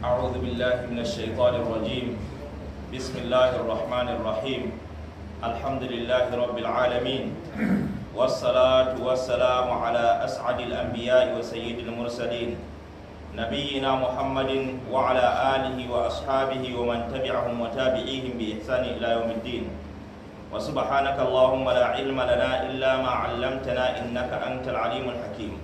أعوذ بالله من الشيطان الرجيم بسم الله الرحمن الرحيم الحمد لله رب العالمين والصلاة والسلام على أسعد الأنبياء وسيد المرسلين نبينا محمد وعلى آله وأصحابه ومن تبعهم وتابعيهم بإحسان إلى يوم الدين وسبحانك اللهم لا علم لنا إلا ما علمتنا إنك أنت العليم الحكيم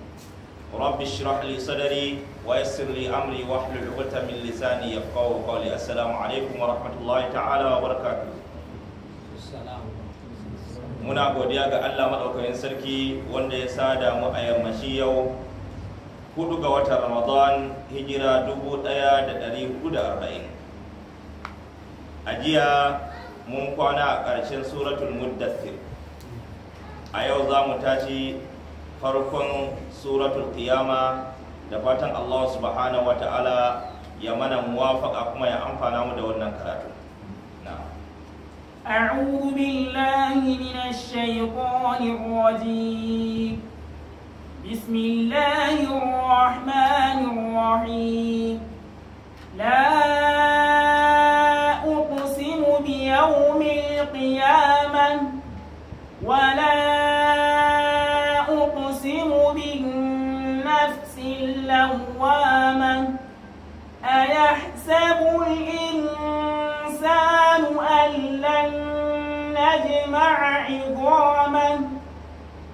رب اشرح لي صدري ويسر لي امري واحلل عقدة من لساني يفقهوا قولي السلام عليكم ورحمة الله تعالى وبركاته muna godiya ga Allah madaukakin sarki wanda ya sada mu a yammaci yau hudu ga watan Ramadan hijira 1440 a jiya mun kwana a ƙarshen suratul muddathir a yau za mu tashi farkon suratul qiyama da fatan Allah subhanahu wa ta'ala ya mana muwafaqa kuma ya amfana mu da wannan karatu أعوذ بالله من الشيطان الرجيم بسم الله الرحمن الرحيم لا أقسم بيوم القيامة ولا لوامة أيحسب الإنسان أن لن نجمع عظاما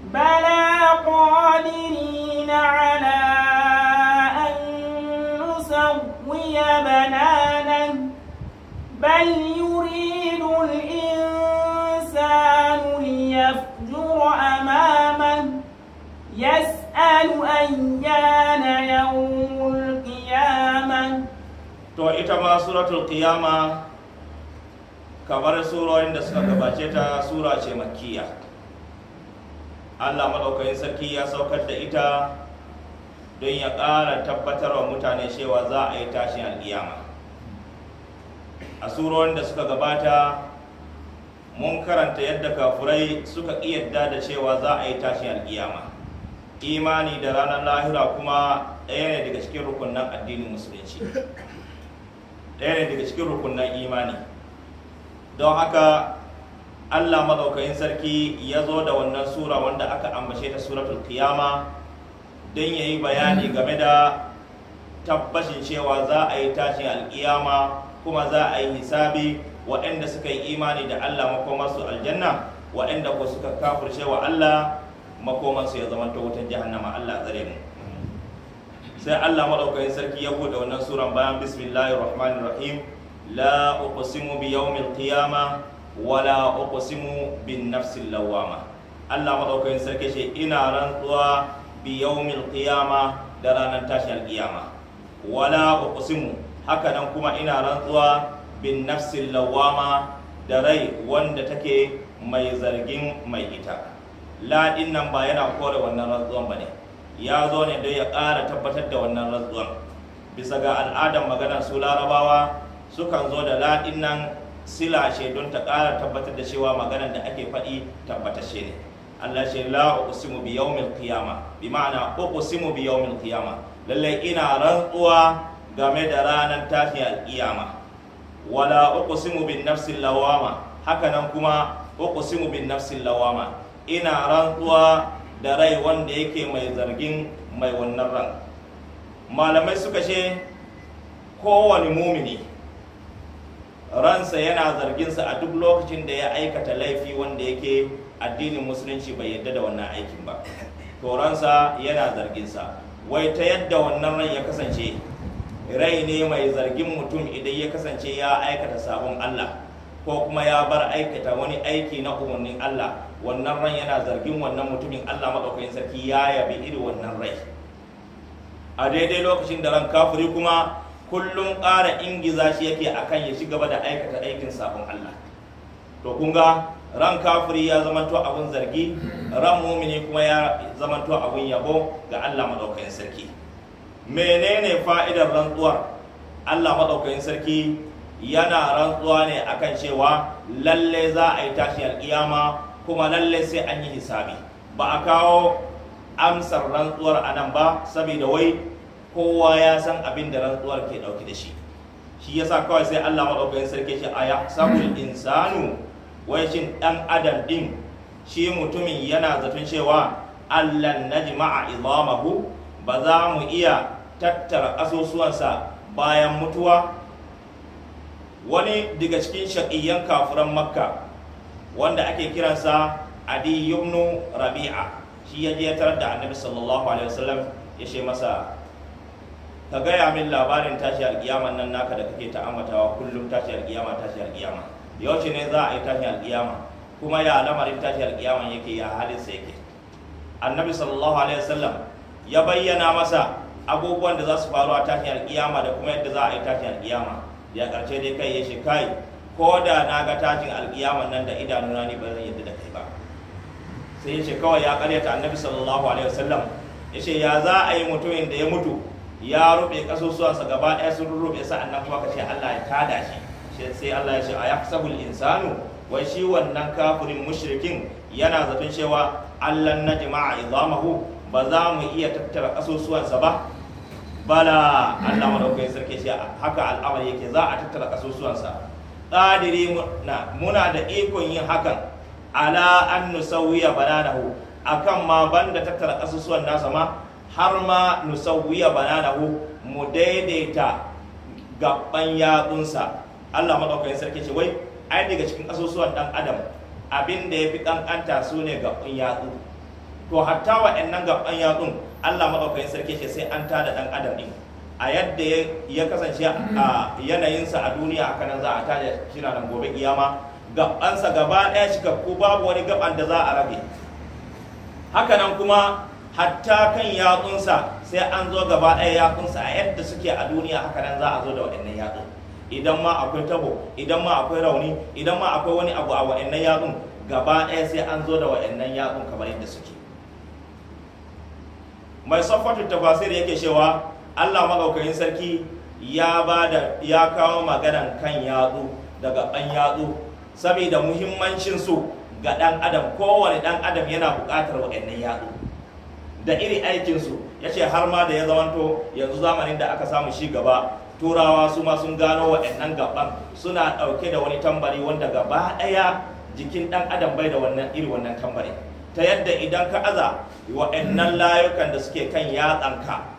بلى قادرين على أن نسوي بنانا بل يريد الإنسان ليفجر أمامه يسر yus'alu أيان يوم القيامة to ita ma القيامة qiyama kamar surorin da suka gabace ta sura makkiya Allah madaukakin sarki ya saukar da ita don ya ƙara tabbatarwa mutane cewa za a yi tashin alƙiyama a surorin da suka gabata mun karanta yadda kafurai suka yadda da cewa za a yi tashin alƙiyama imani da ranar lahira kuma ɗaya ne daga cikin rukunan addinin musulunci ɗaya ne daga cikin rukunan imani don haka allah maɗaukain sarki ya zo da wannan sura wanda aka ambace ta suratul qiyama don ya yi bayani game da tabbashin cewa za a yi tashin alƙiyama kuma za a yi hisabi waɗanda suka yi imani da allah makomarsu aljanna waɗanda ko suka kafurce wa allah makomansu ya zama ta wutan jahannama Allah tsare mu sai Allah madaukakin sarki ya bude wannan suran bayan bismillahir rahmanir rahim la uqsimu bi yawmil qiyama wa la uqsimu bin nafsil lawama Allah madaukakin sarki ce ina rantsuwa bi yawmil qiyama da ranar tashin qiyama, wa la uqsimu haka nan kuma ina rantsuwa bin nafsil lawama da rai wanda take mai zargin mai ita la nan ba yana kore wannan rantsuwan ba ne ya zo ne don ya ƙara tabbatar da wannan rantsuwan bisa ga al'adar maganar su larabawa sukan zo da la nan silashe don ta ƙara tabbatar da cewa maganar da ake faɗi tabbatace ne Allah shi la uqsimu bi yawmil qiyama bi ma'ana uqsimu bi yawmil qiyama lalle ina rantsuwa game da ranar tashi al-qiyama wala uqsimu bin nafsil lawama Haka nan kuma uqsimu bin nafsil lawama ina rantsuwa da rai wanda yake mai zargin mai wannan ran malamai suka ce kowane mumini ransa yana zarginsa a duk lokacin da ya aikata laifi wanda yake addinin musulunci bai yadda da wannan aikin ba to ransa yana zarginsa wai ta yadda wannan ran ya kasance rai ne mai zargin mutum idan ya kasance ya aikata sabon Allah ko kuma ya bar aikata wani aiki na umarnin Allah wannan ran yana zargin wannan mutumin Allah madaukakin sarki ya yabi iri wannan rai a daidai lokacin da ran kafiri kuma kullum ƙara ingiza shi yake akan ya ci gaba da aikata aikin sabon Allah to kun ga ran kafiri ya zamanto abun zargi ran mumini kuma ya zamanto abun yabo ga Allah madaukakin sarki menene fa'idar rantsuwar Allah madaukakin sarki yana rantsuwa ne akan cewa lalle za a yi tashi alƙiyama kuma lallai sai an yi hisabi ba a kawo amsar rantsuwar a nan ba saboda wai kowa ya san abin da rantsuwar ke ɗauki da shi shi ya sa kawai sai Allah maɗaukakin sarki shi a ya samun insanu wai shin ɗan adam ɗin shi mutumin yana zaton cewa Allah na jima'a izamahu ba za mu iya tattara asusuwansa bayan mutuwa wani daga cikin shaƙiyyan kafuran makka wanda ake kiransa adi yumnu rabi'a shi ya je tarar da annabi sallallahu alaihi wasallam ya ce masa ka gaya min labarin tashi alkiyama nan naka da kake wa kullum tashi alkiyama tashi alkiyama yaushe ne za a yi tashi alkiyama kuma ya lamarin tashi alkiyama yake ya halin sa yake annabi sallallahu alaihi wasallam ya bayyana masa abubuwan da za su faru a tashi ƙiyama da kuma yadda za a yi tashi alkiyama ya karshe dai kai ya shi kai ko da na ga tajin alkiyama nan da idanuna ne ba zan yadda da kai ba sai ya ce kawai ya karyata annabi sallallahu alaihi wasallam ya ce ya za a yi mutumin da ya mutu ya rufe kasusuwansa gaba ɗaya sun sa sa'annan kuma ka Allah ya tada shi sai Allah ya ce a yaksabul insanu wai shi wannan kafirin mushrikin yana zaton cewa Allah na jima'a izamahu ba za mu iya tattara kasusuwansa ba bala Allah madaukakin sarki shi haka al'amari yake za a tattara kasusuwansa qadiri na muna da ikon yin hakan ala an nusawiya bananahu akan ma banda tattara asusuwan nasa ma har ma nusawiya bananahu mu daidaita gaban yatsunsa Allah madaukakin sarki ce wai ai daga cikin asusuwan dan adam abin da yafi kankanta su ne gaban yatsu to hatta wa'annan gaban yatsun Allah madaukakin sarki ce sai an tada dan adam din a yadda ya kasance a yanayinsa a duniya a kanan za a tashi shi na nan gobe kiyama gabansa gaba ɗaya shi ko babu wani gaban da za a rabe haka nan kuma hatta kan yatsunsa sai an zo gaba ɗaya yatsunsa a yadda suke a duniya haka nan za a zo da waɗannan yatsun idan ma akwai tabo idan ma akwai rauni idan ma akwai wani abu a waɗannan yatsun gaba ɗaya sai an zo da waɗannan yatsun kamar yadda suke mai saffatu tafasir yake cewa Allah magaukakin sarki ya ba da ya kawo maganan kan yatsu daga ɗan yatsu saboda muhimmancin su ga ɗan adam kowane ɗan adam yana buƙatar waɗannan yatsu da iri aikin su ce har ma da ya zamanto yanzu zamanin da aka samu shi gaba turawa su ma sun gano waɗannan gaban suna ɗauke da wani tambari wanda gaba ɗaya jikin ɗan adam bai da wannan iri wannan tambari ta yadda idan ka aza waɗannan layukan da suke kan yatsanka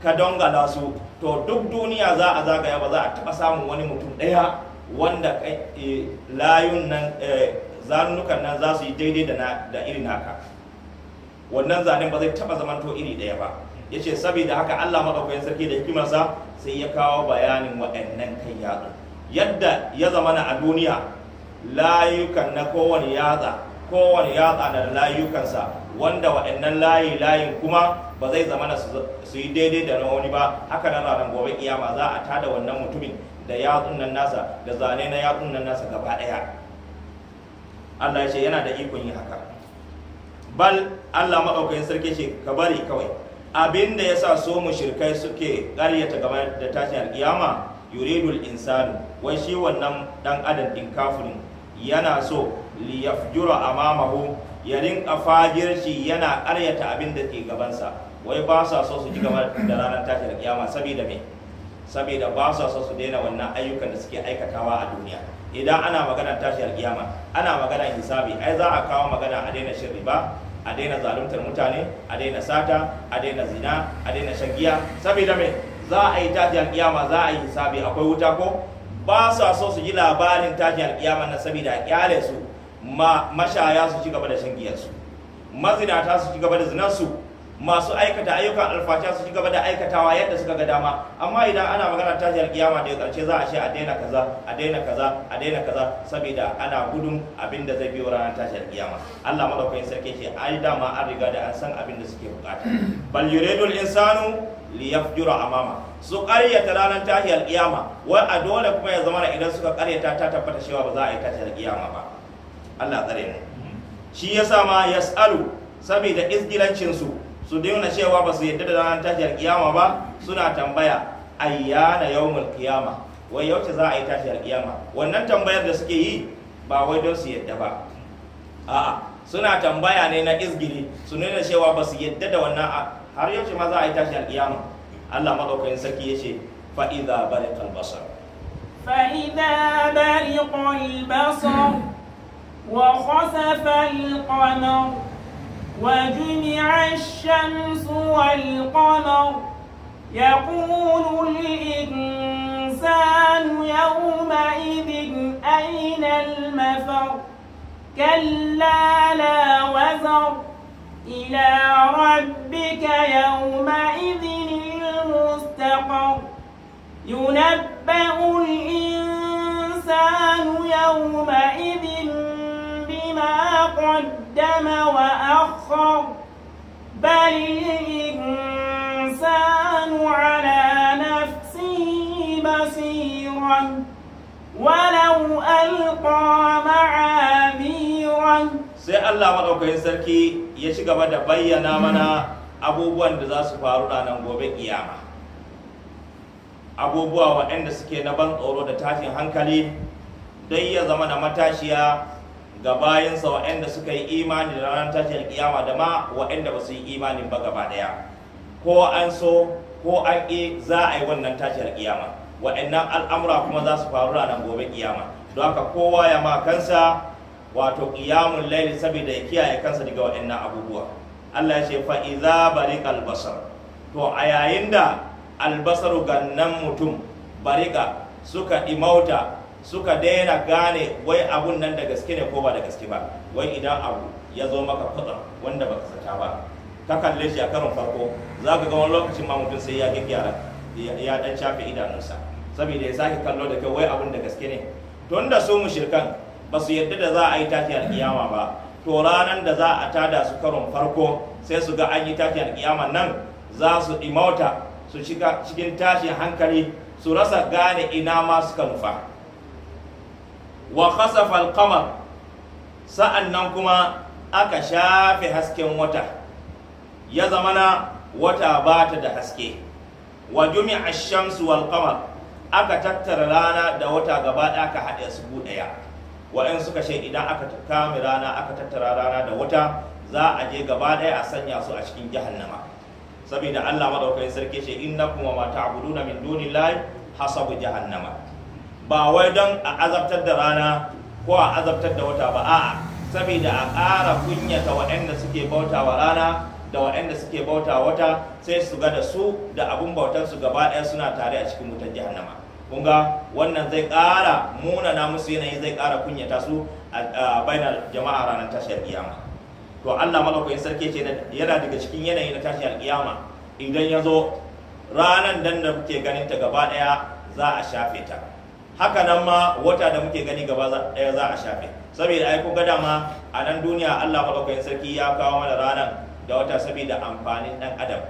ka dangala su to duk duniya za a zagaya ba za a taba samun wani mutum ɗaya wanda eh, layun nan eh, zanunukan nan za su yi daidai da irin haka wannan zanen ba zai taɓa zamanto iri ɗaya ba ya ce saboda haka allah maɗaukakin sarki da hikimarsa sai ya kawo bayanin waɗannan kan yatsu yadda ya zamana a duniya layukan na kowane yatsa kowane yatsa na layukansa wanda waɗannan layi layi kuma ba zai zama na su yi daidai da na ba haka nan ranar gobe kiyama za a tada wannan mutumin da ya nan nasa da zane na ya nan nasa gaba ɗaya Allah ya ce yana da ikon yi haka bal Allah maɗaukakin sarki ce ka bari kawai abin da ya sa so shirkai suke ƙaryata gaba da tashin alƙiyama yuridul insanu wai shi wannan ɗan adam ɗin kafirin yana so liyafjura amamahu ya rinka fajirci yana aryata abin da ke gabansa wai ba sa so su ji gaba da ranar tashi da kiyama saboda me saboda ba sa so su daina wannan ayyukan da suke aikatawa a duniya idan ana magana tashi kiyama ana magana hisabi ai za a kawo magana a daina shin riba a daina zaluntar mutane a daina sata a daina zina a daina shan giya saboda me za a yi tashi kiyama za a yi hisabi akwai wuta ko ba sa so su ji labarin tashi kiyama na saboda kyale su ma mashaya su ci gaba da shan giyarsu mazinata su ci gaba da zinansu masu aikata ayyukan alfasha su ci gaba da aikatawa yadda suka ga dama amma idan ana magana ta jihar kiyama da karshe za a ce a daina kaza a daina kaza a daina kaza saboda ana gudun abin da zai biyo ranar tashiyar kiyama Allah madaukakin sarki ce ai dama an riga da an san abin da suke bukata bal yuridul insanu yafjura amama su karyata ranar tashiyar kiyama wai a dole kuma ya zama idan suka karyata ta tabbata cewa ba za a yi tashiyar kiyama ba Allah tsare mu shi yasa ma yasalu saboda izgilancin su su daina cewa ba su yadda da ranar tashiyar kiyama ba suna tambaya ayyana yawmul kiyama wai yauce za a yi tashiyar kiyama wannan tambayar da suke yi ba wai don su yadda ba a'a suna tambaya ne na izgili su nuna cewa ba su yadda da wannan har yauce ma za a yi tashiyar kiyama Allah madaukakin sarki ya ce idza bariqal basar fa idza basar وخسف القمر وجمع الشمس والقمر يقول الإنسان يومئذ أين المفر كلا لا وزر إلى ربك يومئذ المستقر ينبأ الإنسان يومئذ قدم وأخر بل الإنسان على نفسه بصيرا ولو ألقى معاذيرا sai Allah maɗaukakin sarki ya ci gaba da bayyana mana abubuwan da za su faru ranar gobe kiyama abubuwa waɗanda suke na ban tsoro da tashin hankali don ya zama da matashiya ga bayansa waɗanda suka yi imani da ranar tashi alkiyama da ma waɗanda ba su yi imani ba gaba ɗaya ko an so ko an ƙi za a yi wannan tashi alkiyama waɗannan al'amura kuma za su faru ranar gobe kiyama don haka kowa ya ma kansa wato ƙiyamun laili saboda ya kiyaye kansa daga waɗannan abubuwa Allah ya ce fa iza bariqal basar to a yayin da albasaru gannan mutum bariƙa suka mauta. suka daina gane wai abun nan da gaske ne ko ba da gaske ba wai idan abu ya zo maka kwatsam wanda baka sata ba ka kalle shi a karon farko za ka ga wani lokacin ma mutum sai ya gyaggyara ya dan shafe idanunsa saboda ya sake kallo da kai, wai abun da gaske ne tun da su mushirkan ba su yadda da za a yi tafiya alkiyama ba to ranar da za a tada su karon farko sai su ga an yi tafiya alkiyama nan za su imauta su shiga cikin tashin hankali su rasa gane ina ma suka nufa wa khasafa al-qamar sa'annan kuma aka shafe hasken wata ya zamana wata bata da haske wa jumi'a ash-shamsu wal qamar aka tattara rana da wata gaba ka aka haɗe su ɗaya wa'in suka shai idan aka kame rana aka tattara rana da wata za a je gaba ɗaya a sanya su a cikin jahannama saboda Allah madaukakin sarki ce innakum wa ma ta'buduna min dunillahi hasabu jahannama ba wai don a azabtar da rana ko a azabtar da wata ba a'a saboda a ƙara kunyata waɗanda suke bauta wa rana da waɗanda suke bauta wata sai su ga da su da abin bautar su gaba ɗaya suna tare a cikin wutar jahannama kun wannan zai ƙara munana musu yanayi zai ƙara kunyata su a bainar jama'a ranar tashar alƙiyama to Allah malaukakin sarki ce yana daga cikin yanayi na tashar kiyama idan ya zo ranan dan da kuke ganin ta gaba ɗaya za a shafe ta haka nan ma wata da muke gani gaba daya za a shafe saboda ai kun ga dama a nan duniya Allah madaukakin sarki ya kawo mana ranar da wata saboda amfanin dan adam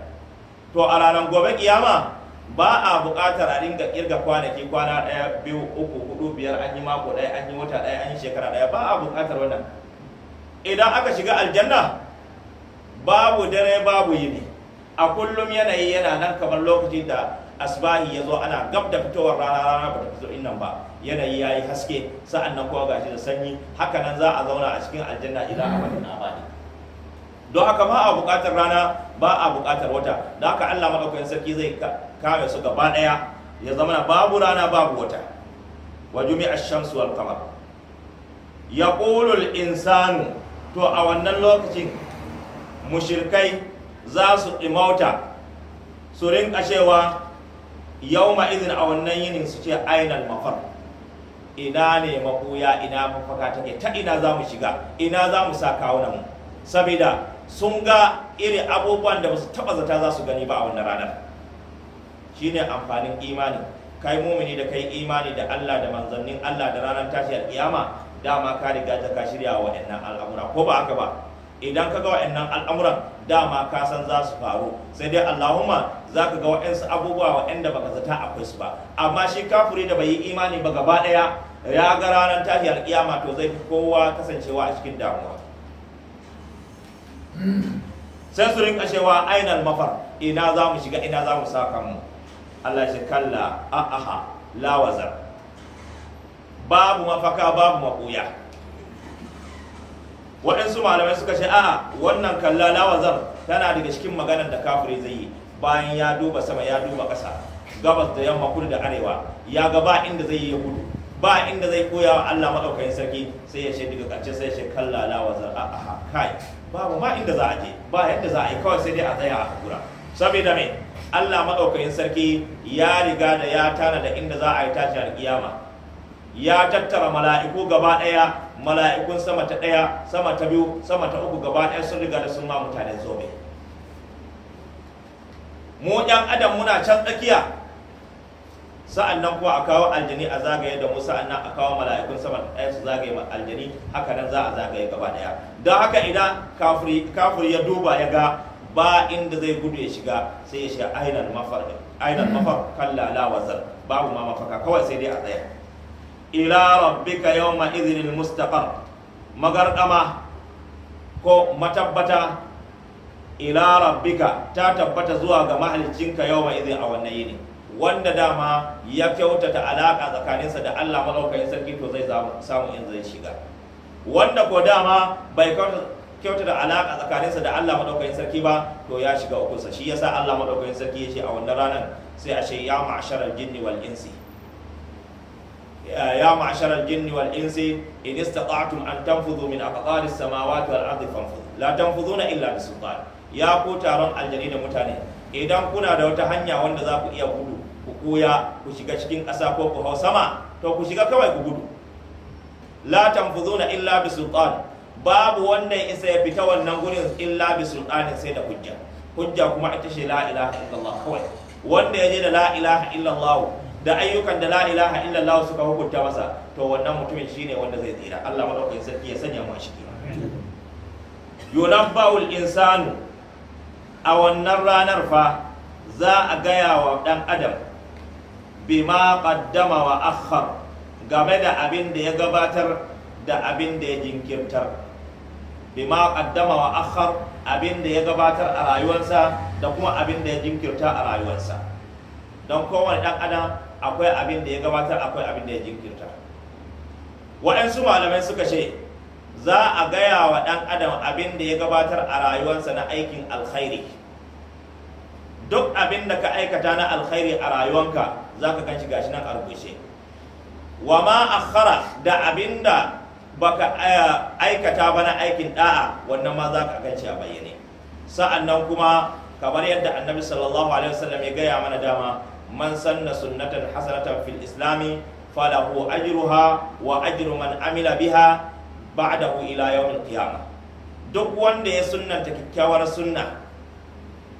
to a ranar gobe kiyama ba a buƙatar a dinga kirga kwanaki kwana daya biyu uku hudu biyar an yi mako daya an yi wata daya an yi shekara daya ba a buƙatar wannan idan aka shiga aljanna babu dare babu yini a kullum yanayi yana nan kamar lokacin da asbahi ya zo ana gab da fitowar rana rana ba ta fito nan ba yanayi ya yi haske sa'an nan kowa gashi da sanyi haka nan za a zauna a cikin aljanna idan abadin abadi don haka ba a buƙatar rana ba a buƙatar wata da haka allah madaukakin sarki zai kame su gaba daya ya zama babu rana babu wata wa jumi'a shamsu wal qamar yaqulu al insanu to a wannan lokacin mushirkai za su imauta su rinka cewa yau ma a wannan yinin su ce ainal mafar ina ne mabuya? ina mafaka take ta ina za mu shiga ina za mu sa kawunan mu saboda sun ga irin abubuwan da basu su taɓa zata za su gani ba a wannan ranar shine amfanin imani kai mumini da kai imani da Allah da manzannin Allah da ranar tashi alƙiyama dama ka riga ta ka shirya wa al'amura ko ba haka ba idan ka ga wa'annan al'amuran dama ka san za su faru sai dai Allahumma za ka ga waɗansu abubuwa waɗanda baka zata akwai su ba amma shi kafuri da bai yi imani ba gaba ɗaya ya ga ranar tashi alƙiyama to zai fi kowa kasancewa a cikin damuwa sai su rinka cewa ainal mafar ina za mu shiga ina za mu sa kanmu Allah shi kalla a'aha lawazar babu mafaka babu maɓuya waɗansu malamai suka ce a wannan kalla lawazar tana daga cikin maganar da kafure zai yi bayan ya duba sama ya duba ƙasa gabas da yamma kudu da arewa ya ga ba inda zai yi gudu ba inda zai koya wa Allah madaukakin sarki sai ya shaidu ga sai ya kallala wa zar'a aha kai babu ma inda za a je ba yadda za a yi kawai sai dai a tsaya a hakura saboda me Allah madaukakin sarki ya riga da ya tana da inda za a yi tashi kiyama ya tattara mala'iku gaba ɗaya mala'ikun sama ta ɗaya sama ta biyu sama ta uku gaba ɗaya sun riga da sun ma mutane zobe mu yan adam muna can tsakiya sa'annan kuwa a kawo aljani a zagaye da mu sa'annan a kawo mala'ikun saman ɗaya su zagaye ma aljani haka nan za a zagaye gaba ɗaya don haka idan kafuri ya duba ya ga ba inda zai gudu ya shiga sai ya shiga ainihin mafar mafar kalla babu ma mafaka kawai sai dai a tsaya ila rabbika yawma idhinil mustaqar magardama ko matabbata ila rabbika ta tabbata zuwa ga mahalicinka yau mai zai a wannan yini wanda dama ya kyautata alaka tsakaninsa da Allah madaukakin sarki to zai samu in zai shiga wanda ko dama bai kyautata alaka tsakaninsa da Allah madaukakin sarki ba to ya shiga ukunsa shi yasa Allah madaukakin sarki ya ce a wannan ranar sai a ce ya ma'asharal jinni wal insi ya ma'asharal jinni wal insi in istata'tum an tanfudhu min aqtaris samawati wal ardi fanfudhu la tanfudhuna illa bisultan ya ko taron aljani da mutane idan kuna da wata hanya wanda za ku iya gudu ku koya ku shiga cikin ƙasa ko ku hau sama to ku shiga kawai ku gudu la tanfuzuna illa bi sultan babu wanda ya isa ya fita wannan gurin illa bi sultanin sai da hujja hujja kuma ita ce la ilaha illallah kawai wanda ya je da la ilaha illallah da ayyukan da la ilaha illallah suka hukunta masa to wannan mutumin shine wanda zai tsira Allah madaukakin sarki ya sanya mu shi yunabba'ul insanu a wannan ranar fa za a gaya wa ɗan adam bima qaddama wa akhar game da abin da ya gabatar da abin da ya jinkirtar bima qaddama wa akhar abin da ya gabatar a rayuwarsa da kuma abin da ya jinkirta a rayuwarsa don kowane ɗan adam akwai abin da ya gabatar akwai abin da ya jinkirta waɗansu malamai suka ce za a gaya wa ɗan adam abin da ya gabatar a rayuwarsa na aikin alkhairi duk abin da ka aikata na alkhairi a rayuwanka za ka gan gashi nan a rubuce wa ma akhara da abin da baka eh, aikata ba na aikin da'a wannan ma za ka gan shi a bayyane sa'annan kuma kamar yadda annabi sallallahu alaihi wasallam ya gaya mana dama man sanna sunnatan hasanatan fil islami falahu ajruha wa ajru man amila biha ba'dahu ila yawmil qiyamah duk wanda ya sunnanta kyakkyawar sunna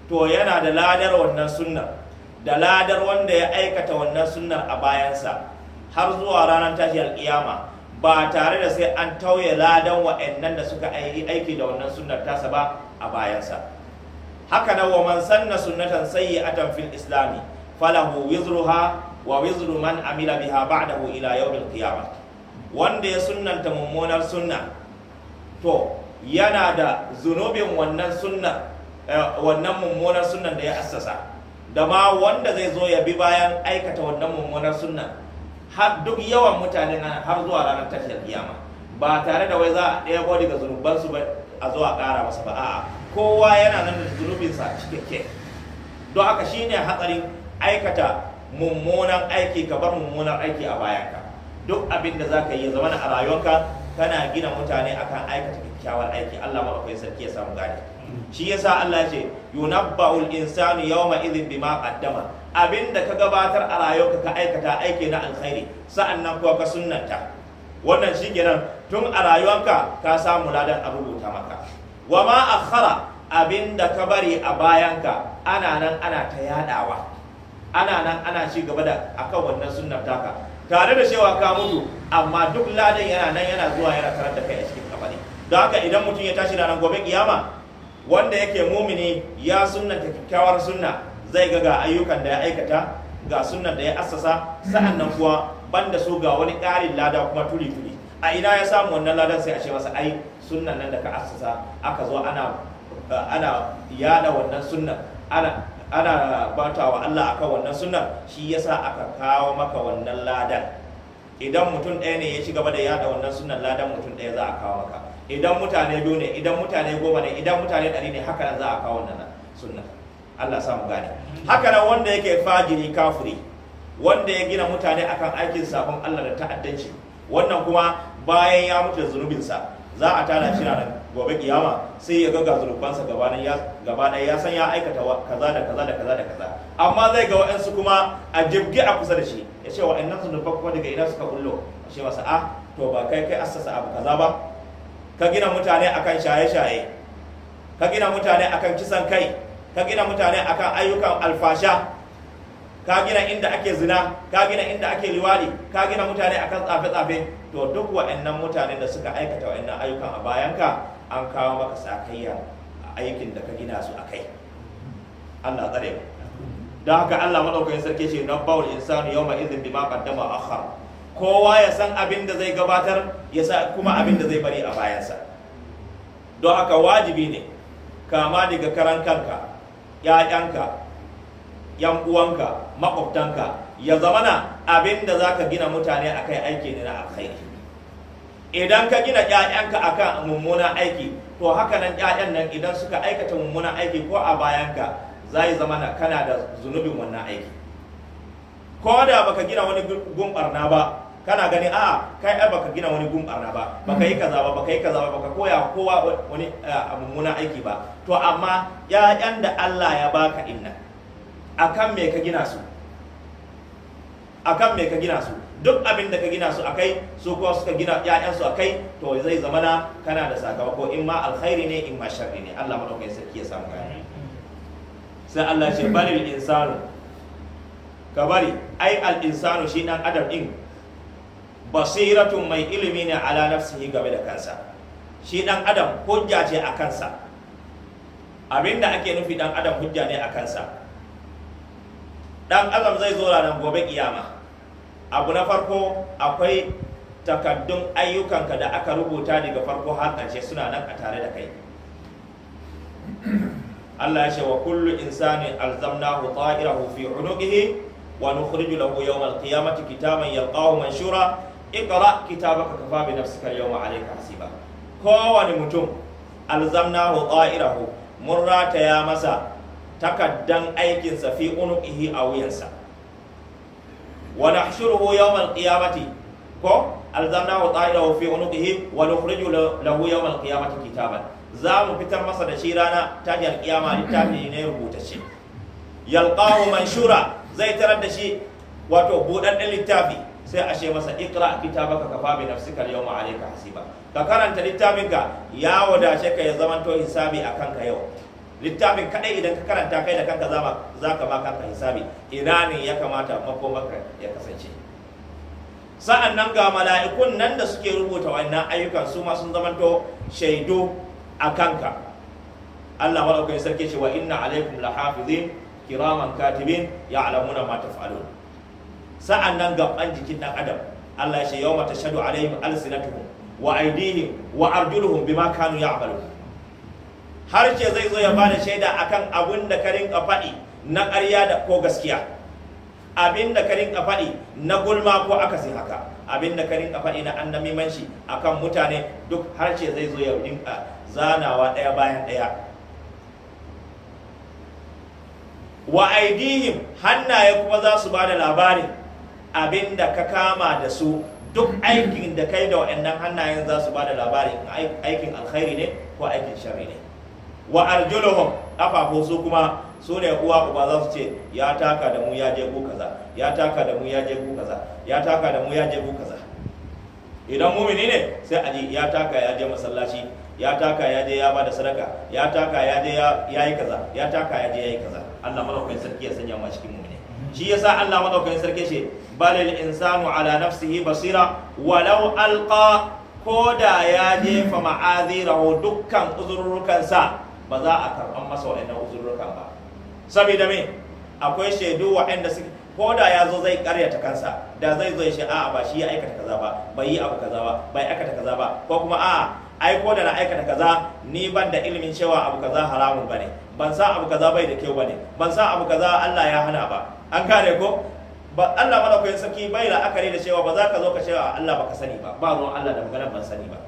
to yana da ladar wannan sunnar da ladar wanda ya aikata wannan sunnar a bayansa har zuwa ranar tashi alƙiyama ba tare da sai an tauye ladan wa'annan da suka aiki da wannan sunnar tasa ba a bayansa haka na wa man sanna sunnatan sayyi'atan fil islami falahu wizruha wa wizru man amila biha ba'dahu ila yawmil qiyamah wanda ya sunnanta mummunar sunna to yana da zunubin wannan sunna eh, wannan mummunar sunnan da ya assasa da ma wanda zai zo ya bi bayan aikata wannan mummunar sunnan har duk yawan mutane nan har zuwa ranar tashiyar kiyama ba tare da wai za a ɗaya daga zunubansu ba a zo a ƙara masa ba a'a kowa yana nan da zunubinsa cikakke don haka shine hatsarin aikata mummunan aiki ka bar mummunan aiki a bayanka duk abin da zaka yi zamana a rayuwarka kana gina mutane akan aikata kyakkyawar aiki Allah ma akwai sarki ya samu gane shi yasa Allah ce yunabba'ul insanu yawma idhin bima qaddama abinda ka gabatar a rayuwarka ka aikata aiki na alkhairi sa'annan kuwa ka sunnanta wannan shikenan tun a rayuwarka ka samu ladan a rubuta maka wa ma akhara abinda ka bari a bayanka ana nan ana ta yadawa ana nan ana ci gaba da akan wannan sunnar taka tare da cewa ka mutu amma duk ladan yana nan yana zuwa yana tarar da kai a cikin kabari don haka idan mutum ya tashi ranar gobe kiyama wanda yake mumini ya ta kyakkyawar sunna zai ga ga ayyukan da ya aikata ga sunnan da ya assasa sa'an nan kuwa banda su ga wani ƙarin lada kuma turi-turi. a ina ya samu wannan ladan sai a ce masa ai sunnan nan da ka assasa aka zo ana ana yada wannan sunnan ana ana wa Allah akan wannan sunnar shi yasa aka kawo maka wannan ladan idan mutum ɗaya ne ya ci gaba da yada wannan sunan ladan mutum ɗaya za a kawo maka idan mutane biyu ne idan mutane goma ne idan mutane ɗari ne haka nan za a kawo wannan sunan Allah samu gane haka nan wanda yake fajiri kafiri wanda ya gina mutane akan aikin sabon Allah da ta'addanci wannan kuma bayan ya mutu da zunubinsa za a tana shi nan gobe kiyama sai ya ga gazulubansa gaba daya ya san ya aikata kaza da kaza da kaza da kaza amma zai ga wa'ansu kuma a jibgi a kusa da shi ya ce wa'annan zunuban kuma daga ina suka bullo a ce masa a ah, to ba kai kai assasa abu kaza ba ka gina mutane akan shaye-shaye ka gina mutane akan kisan kai ka gina mutane akan ayyukan alfasha ka gina inda ake zina ka gina inda ake liwali ka gina mutane akan tsafe-tsafe to duk wa'annan mutanen da suka aikata wa'annan ayyukan a bayanka an kawo maka sakayya a aikin da ka gina su a kai Allah tsare don haka Allah madaukakin sarki ce don bawul insanu yawma izin bima qaddama akhar kowa ya san abin da zai gabatar ya sa kuma abin da zai bari a bayansa don haka wajibi ne kama daga karan kanka ƴaƴanka yan uwanka makwabtanka ya zamana abin da za ka gina mutane a kai aiki ne na alkhairi idan ka gina ƴaƴanka akan mummunan aiki to haka nan ƴaƴan nan idan suka aikata mummunan aiki ko a bayanka zai zama na kana da zunubin wannan aiki ko da baka gina wani gumbarna ba kana gani a kai ai baka gina wani gumbarna ba baka yi kaza ba baka yi kaza ba baka koya kowa wani mummunan aiki ba to amma ƴaƴan da Allah ya baka inna akan me ka gina su akan me ka gina su duk abin da ka gina su a kai, su kuwa suka gina 'ya'yansu a kai, to zai zama na kana da sakamako in ma alkhairi ne in ma sharri ne Allah madaukakin sarki ya samu gani sai Allah ce balil insanu ka bari ai al insanu shi dan adam din basiratun mai ilimi ne ala nafsihi game da kansa shi dan adam hujja ce a kansa abinda ake nufi dan adam hujja ne a kansa dan adam zai zo ranar gobe kiyama abu na farko akwai takaddun ayyukanka da aka rubuta daga farko har ƙarshe suna nan a tare da kai Allah ya ce wa kullu insani alzamnahu ta'irahu fi unuqihi wa nukhriju lahu yawm al-qiyamati kitaban yalqahu manshura iqra kitabaka kafa bi nafsika al-yawma 'alayka hasiba kowani mutum alzamnahu ta'irahu mun rataya masa takaddan aikinsa fi unuqihi a wuyansa Wani nahshuruhu yawm al-qiyamati ko alzamnahu ta'idahu fi unuqihi wa nukhriju lahu yawm al-qiyamati kitaban za mu fitar masa da shi rana ta jiyar kiyama littafi ne rubutacce yalqahu manshura zai tarar da shi wato buɗaɗɗen littafi sai a ce masa ikra kitabaka kafa bi nafsika yau ma alayka hasiba ka karanta littafinka ya wadace ka ya zamanto hisabi akan ka yau littafin kadai idan ka karanta kai da kanka zama ka ma kanka hisabi ina ne ya kamata makomarka ya kasance sa'an nan ga mala'ikun nan da suke rubuta wannan ayyukan su ma sun zamanto shaidu a kanka Allah madaukakin sarki ce wa inna alaikum lahafizin kiraman katibin alamuna ma taf'alun sa'an nan gaban jikin dan adam Allah ya ce yawma tashhadu alaihim alsinatuhum wa aydihim wa arjuluhum bima kanu ya'malun har ce zai zo ya bada shaida akan abin da ka rinka faɗi na ƙarya da ko gaskiya abin da ka rinka faɗi na gulma ko akasin haka abin da ka rinka faɗi na annamimanci akan mutane duk har ce zai zo ya rinka zanawa ɗaya bayan ɗaya wa aidihim hannaye kuma za su bada labarin abin da ka kama da su duk aikin da kai da waɗannan hannayen za su bada labarin aikin alkhairi ne ko aikin shari ne wa arjuluhum kafafo su kuma su ne uwa uba za su ce ya taka da mu ya je ku kaza ya taka da mu ya je ku kaza ya taka da mu ya je ku kaza idan mumini ne sai a ji ya taka ya je masallaci ya taka ya je ya ba da sadaka ya taka ya je ya yi kaza ya taka ya je ya yi kaza Allah madaukakin sarki ya sanya ma cikin mumini shi yasa Allah madaukakin sarki ce balil insanu ala nafsihi basira walau alqa ko da ya jefa ma'azirahu dukkan sa ba za a karɓan masa waɗannan uzurruka ba saboda me akwai shaidu waɗanda suke ko da ya zo zai karyata kansa da zai zo shi a'a ba shi ya aikata kaza ba bai yi abu kaza ba bai aikata kaza ba ko kuma a'a ai ko da na aikata kaza ni ban da ilimin cewa abu kaza haramun bane ban san abu kaza bai da kyau bane ban san abu kaza Allah ya hana ba an kare ko ba Allah madaukakin saki bai la'akari da cewa ba za ka zo ka cewa Allah baka sani ba ba ruwan Allah da magana ban sani ba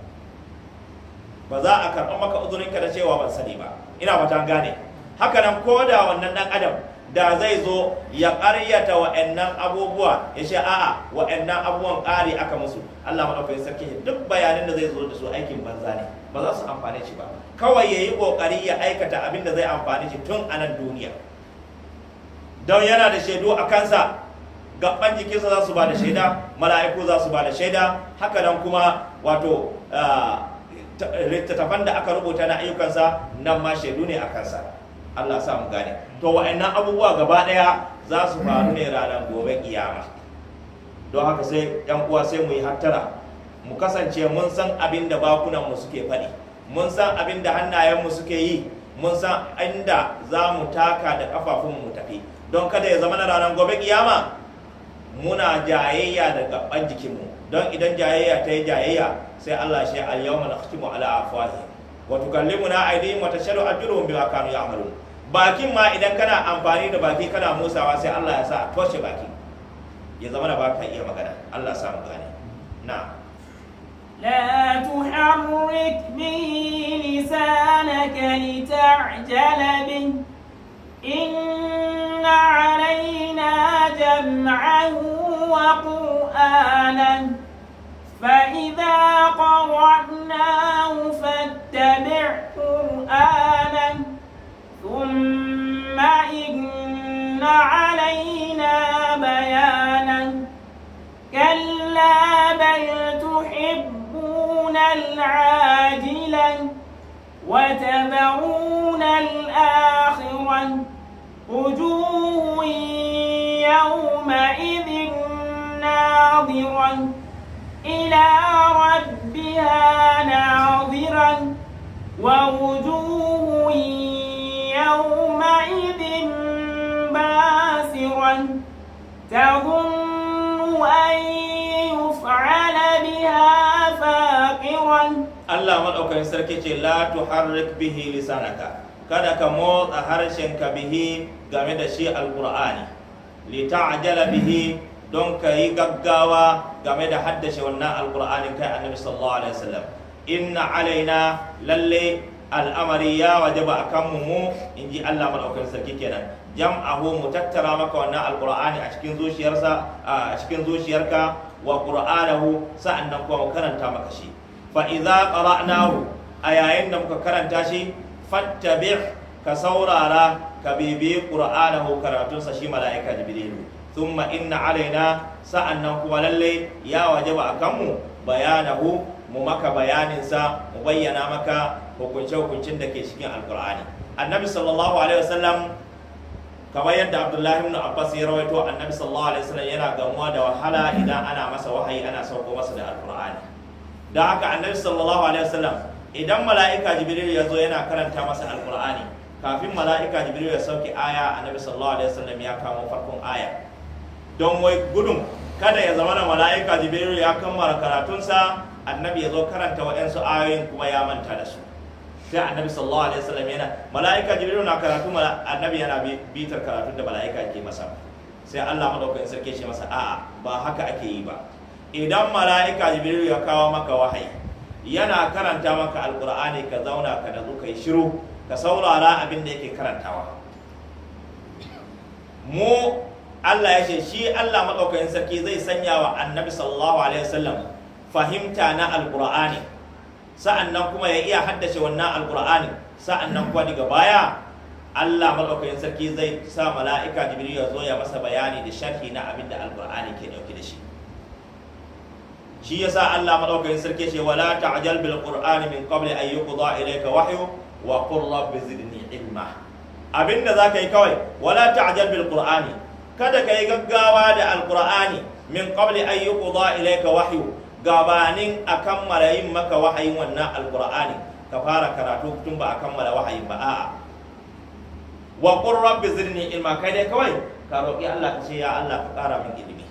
ba za a karɓi maka uzurinka da cewa ban sani ba ina fata gane haka nan ko da wannan dan adam da zai zo ya ƙaryata wa'annan abubuwa ya ce a'a wa'annan abubuwan ƙari aka musu Allah madaukakin sarki duk bayanan da zai zo da su aikin banza ne ba za su amfane shi ba kawai yayi kokari ya aikata abin da zai amfane shi tun a nan duniya don yana da shaidu a kansa gaban jikinsa za su ba da shaida mala'iku za su ba da shaida haka nan kuma wato ah, Eh, littattafan da aka rubuta na ayyukansa nan ma shaidu ne a kansa Allah sa mu gane to wa'annan abubuwa gaba daya za su faru ne ranar gobe kiyama don haka sai yan uwa sai mu yi hattara mu kasance mun san abin da bakunan mu suke faɗi mun san abin da hannayen mu suke yi mun san inda za mu taka da kafafun mu tafi don kada ya zama na ranar gobe kiyama muna jayayya da gaban mu. don idan jayayya ta yi jayayya sai Allah shi al yawma nakhtimu ala afwahi wa tukallimuna aydihim wa tashhadu arjuluhum bima kanu ya'malun bakin ma idan kana amfani da baki kana musawa sai Allah ya sa a toshe baki ya zama da baka iya magana Allah sa mu gane na'am لا تحرك به لسانك لتعجل به إن علينا جمعه وقرآنا فإذا قرأناه فاتبع قرآنا ثم إن علينا بيانا كلا بل تحبون العاجلا وتذرون الآخرة وجوه يومئذ ناظرة إلى ربها ناظرة ووجوه يومئذ باسرة تظن أن يفعل بها فاقرة الله مدعوك يسرك لا تحرك به لسانك kada ka motsa ka bihi game da shi alqur'ani li ta'jala bihi don ka yi gaggawa game da haddace wannan alqur'ani kai annabi sallallahu alaihi wasallam inna alaina lalle al'amari ya wajaba akan mu in ji Allah madaukakin sarki kenan jam'ahu mu tattara maka wannan alkur'ani a cikin zuciyarsa a cikin zuciyarka wa qur'anahu sa'annan kuma karanta maka shi fa idza qara'nahu a yayin da muka karanta shi fattabi ka saurara ka bebe qur'anahu karatunsa shi mala'ika jibrilu thumma inna alaina nan kuma lallai. ya wajaba akan mu bayanahu mu maka bayaninsa mu bayyana maka hukunce hukuncin da ke cikin alqur'ani annabi sallallahu alaihi wasallam kamar yadda abdullahi ibn abbas ya rawaito annabi sallallahu alaihi wasallam yana gamuwa da wahala idan ana masa wahayi ana sauko masa da alqur'ani da haka annabi sallallahu alaihi wasallam idan mala'ika jibril ya zo yana karanta masa alqur'ani kafin mala'ika jibril ya sauke aya annabi sallallahu alaihi wasallam ya kamo farkon aya don wai gudun kada ya zama na mala'ika jibril ya kammala karatunsa annabi ya zo karanta waɗansu ayoyin kuma ya manta da su sai annabi sallallahu alaihi wasallam yana na karatu annabi yana bitar karatun da mala'ika ke masa sai Allah madaukakin sarki ce masa a'a ba haka ake yi ba idan mala'ika jibril ya kawo maka wahayi yana karanta maka alkur'ani ka zauna ka nazo kai shiru ka saurara abin da yake karantawa mu Allah ya ce shi Allah maɗaukakin sarki zai sanya wa annabi sallallahu alaihi wasallam fahimta na alkur'ani sa'annan kuma ya iya haddace wannan alkur'ani sa'annan kuma daga baya Allah maɗaukakin sarki zai sa mala'ika jibril ya zo ya masa bayani da sharhi na abin da alkur'ani ke dauke da shi shi ya sa Allah madaukakin sarki shi wala ta'jal bil qur'ani min qabli an yuqda ilayka wahyu wa qur rabbi zidni ilma abinda zaka yi kawai wala ta'jal bil qur'ani kada ka gaggawa da al alqur'ani min qabli an yuqda ilayka wahyu gabanin a kammala yin maka wahayin wannan alqur'ani ka fara karatu tun ba a kammala wahayin ba a'a wa qur rabbi zidni ilma kai dai kawai ka roki Allah ka ce ya Allah ka kara min ilimi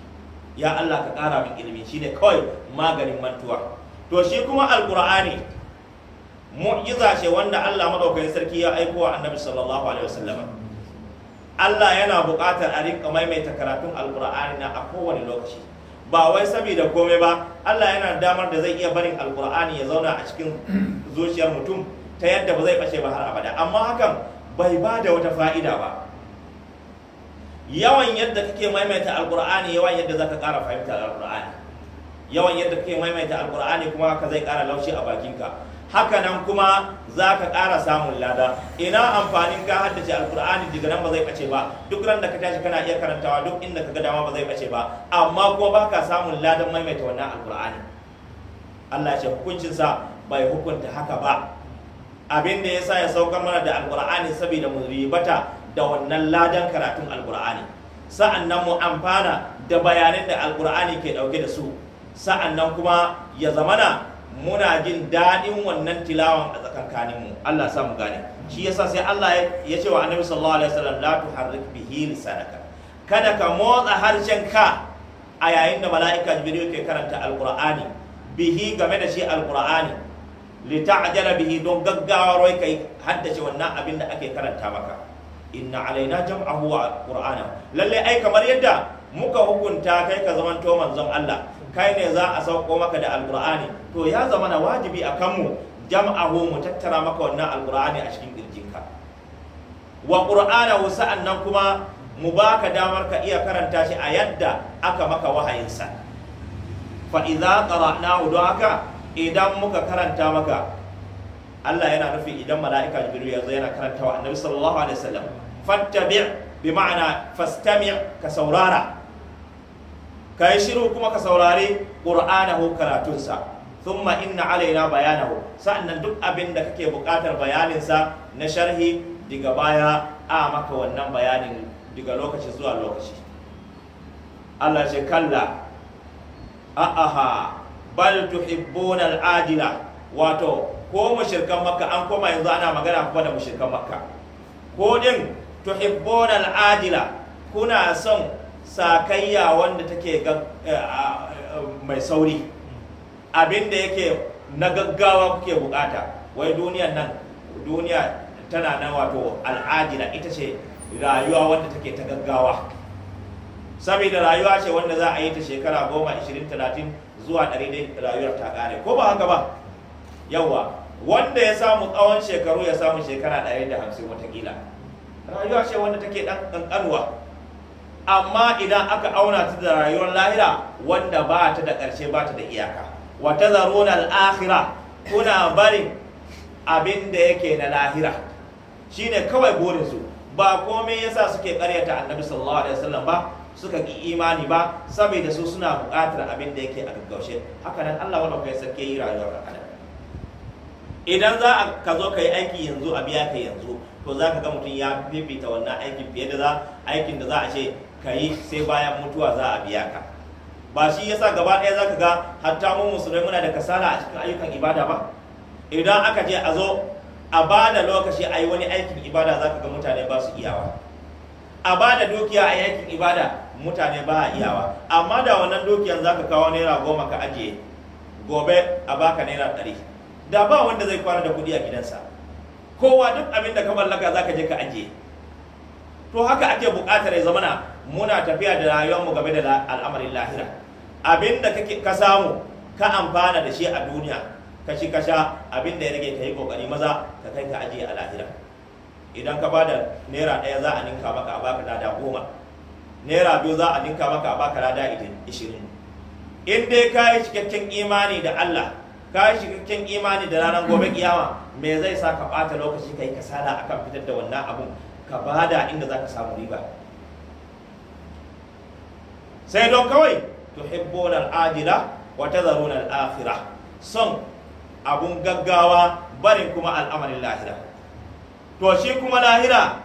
ya Allah ka ƙara min ilimi shine kawai maganin mantuwa to shi kuma alqur'ani mu'jiza ce wanda Allah madaukakin sarki ya aiko wa annabi sallallahu alaihi wasallam Allah yana buƙatar a rinka maimaita karatun alqur'ani na a kowane lokaci ba wai saboda komai ba Allah yana damar da zai iya barin alqur'ani ya zauna a cikin zuciyar mutum ta yadda ba zai bace ba har abada amma hakan bai ba da wata fa'ida ba yawan yadda kake maimaita alqur'ani yawan yadda zaka kara fahimtar alqur'ani yawan yadda kake maimaita alqur'ani kuma haka zai kara laushi a bakinka haka nan kuma zaka ka ƙara samun lada ina amfanin ka haddace alkur'ani daga nan ba zai ɓace ba duk ran da ka tashi kana iya karantawa duk inda ka ga dama ba zai ɓace ba amma kuma ba ka samun ladan maimaita wannan alkur'ani allah ce sa bai hukunta haka ba abin da yasa ya saukar mana da alkur'ani saboda mu ribata da wannan ladan karatun alkur'ani nan mu amfana da bayanin da alkur'ani ke dauke da su nan kuma ya zamana muna jin daɗin wannan tilawan a tsakankanin mu Allah sa mu gane shi yasa sai Allah ya ce wa Annabi sallallahu alaihi wasallam la tuharrik bihi lisanaka kada ka motsa harshen ka a yayin da mala'ika jibril ke karanta alkur'ani bihi game da shi alkur'ani li ta'jala bihi don gaggawa roi kai haddace wannan abin da ake karanta maka inna alaina jam'ahu wa qur'ana lalle ai kamar yadda muka hukunta kai ka zaman to manzon Allah kai ne za a sauko maka da alqur'ani to ya zama na wajibi a kanmu jam'ahu mu tattara maka wannan alqur'ani a cikin kirjinka wa qur'ana sa'an nan kuma mu baka damar ka iya karanta shi a yadda aka maka wahayinsa fa idza qara'nahu don haka idan muka karanta maka Allah yana nufi idan mala'ika Jibril ya zo yana karanta wa Annabi sallallahu alaihi wasallam fattabi' bi ma'ana fastami' ka saurara ka yi shiru kuma ka saurari qur'anahu karatunsa thumma inna alaina bayanahu sa'annan duk abin da kake buƙatar bayaninsa na sharhi daga baya a maka wannan bayanin daga lokaci zuwa lokaci Allah ce kalla a'aha bal tuhibbuna al'ajila wato ko mushrikan makka an koma yanzu ana magana kuma da mushrikan makka ko din tuhibbuna al'adila kuna son sakayya wanda take eh, eh, mai sauri abinda yake na gaggawa kuke bukata wai duniya nan duniya tana nan wato al'adila ita ce rayuwa wanda take ta gaggawa saboda rayuwa ce wanda za a yi ta shekara goma ishirin talatin zuwa ɗari dai rayuwar ta ƙare ko ba haka ba yawa wanda ya samu tsawon shekaru ya samu shekara ɗari da hamsin watakila rayuwa ce wanda take dan kankanuwa amma idan aka auna ta da rayuwar lahira wanda ba ta da ƙarshe ba ta da iyaka wa tazaruna al-akhirah kuna barin abin da yake na lahira shine kawai burin su ba komai yasa suke karyata annabi sallallahu alaihi wasallam ba suka ki imani ba saboda su suna buƙatar abin da yake a gaggaushe haka nan Allah wanda kai sarki yi rayuwar ka idan za ka zo ka aiki yanzu a biya ka yanzu to za ka ga mutum ya fifita wannan aikin fiye da za aikin da za a ce ka yi sai bayan mutuwa za a biya ka ba shi yasa gaba ɗaya za ka ga hatta mu musulmai muna da kasala a cikin ayyukan ibada ba idan aka je a zo a ba da lokaci a yi wani aikin ibada za ka ga mutane ba su iyawa a ba da dukiya a yi aikin ibada mutane ba a iyawa amma da wannan dukiyar za ka kawo naira goma ka ajiye gobe a baka naira ɗari da ba wanda zai kwana da kuɗi a gidansa kowa duk abin da ka mallaka zaka je ka ajiye to haka ake buƙatar ya zamana muna tafiya da rayuwarmu game da al'amarin lahira abin da ka samu ka amfana da shi a duniya ka shi ka sha abin da ya rage ka yi kokari maza ka kai ka ajiye a lahira idan ka bada naira ɗaya za a ninka maka a baka lada goma naira biyu za a ninka maka a baka lada ishirin in dai ka yi cikakken imani da Allah ka yi cikakken imani da ranar gobe kiyama me zai sa ka ɓata lokaci ka yi kasala akan fitar da wannan abun ka bada inda za ka samu riba sai don kawai tuhibbuna al-ajila wa tadharuna al-akhirah son abun gaggawa barin kuma al'amarin lahira to shi kuma lahira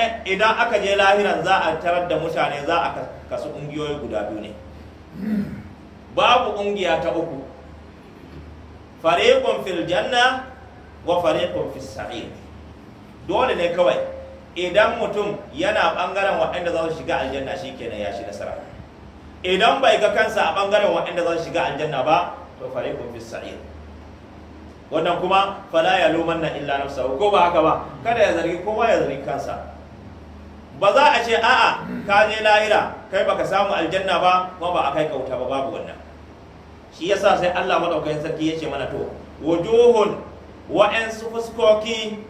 eh, idan aka je lahiran za a tarar da mutane za a kasu ƙungiyoyi guda biyu ne babu ƙungiya ta uku fariqun fil janna wa fariqun fis sa'ir dole ne kawai idan mutum yana bangaren waɗanda za su shiga aljanna shikenan ya shi nasara idan bai ga kansa a bangaren waɗanda za su shiga aljanna ba to fariqun fis sa'ir wannan kuma fala ya lumanna illa nafsahu ko ba haka ba kada ya zargi kowa ya zargi kansa ba za a ce a'a ka je lahira kai baka samu aljanna ba kuma ba a kai kauta ba babu wannan shi yasa sai Allah madaukakin sarki yace mana to wujuhun wa'ansu fuskoki